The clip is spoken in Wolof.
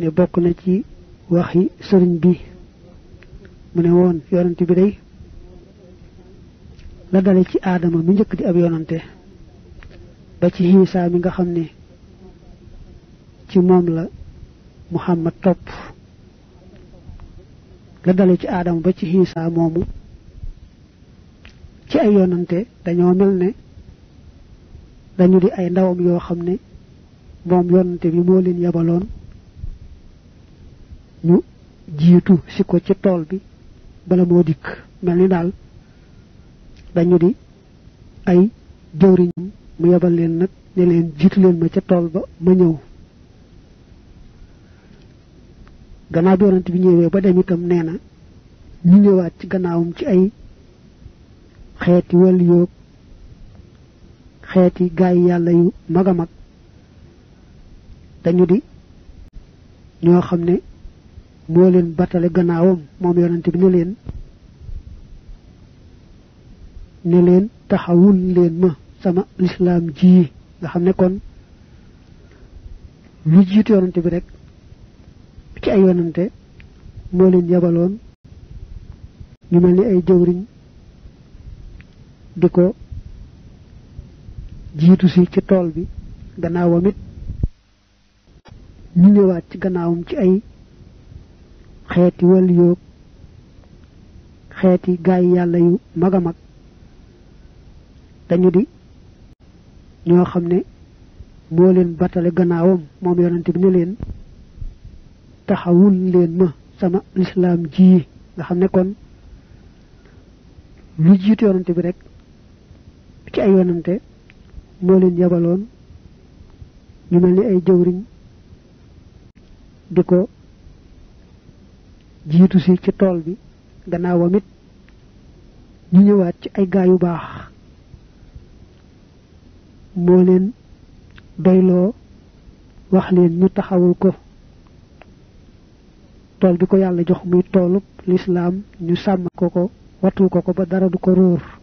ne bokk na ci waxi sëriñ bi mu ne woon yonante bi day la dale ci aadama mi njëkk di ab yonante ba ci Iisaa mi nga xam ne ci moom la Muhammad topp la dale ci aadama ba ci Iisaa moomu ci ay yonante dañoo mel ne dañu di ay ndawam yoo xam ne moom yonante bi moo leen yabaloon ñu jiitu si ko ci tool bi bala moo dikk mel ni daal dañu di ay jëwriñam mu yebal leen nag ne leen jiitu leen ma ca tool ba ma ñëw gannaaw bi yonent bi ñëwee ba dem itam nee na ñu ñëwaat ci gannaawam ci ay xeeti wàllu yoog xeeti gaay yàlla yu mag a mag dañu di ñoo xam ne moo leen batale gannaawam moom yonante bi ne leen ne leen taxawul leen ma sama lislaam ji nga xam ne kon lu jiitu yonante bi rek ci ay yonante moo leen yabaloon ñu mel ni ay jëwriñ di ko jiitu si ci tool bi gannaawam ñu ñëwaat ci gannaawam ci ay xeeti wal yoog xeeti gaay yàlla yu mag a mag dañu di ñoo xam ne moo leen batale gannaawam moom yonent bi ne leen taxawul leen ma sama lislaam jii nga xam ne kon lu jiitu yonent bi rek ci ay yonente moo leen yabaloon ñu mel ni ay jëwriñ di ko jiitu si ci tool bi gannaaw it ñu ñëwaat ci ay gaa yu baax moo leen doyloo wax leen ñu taxawul ko tool bi ko yàlla jox muy toolub lislaam ñu sàmm ko ko watul ko ko ba dara du ko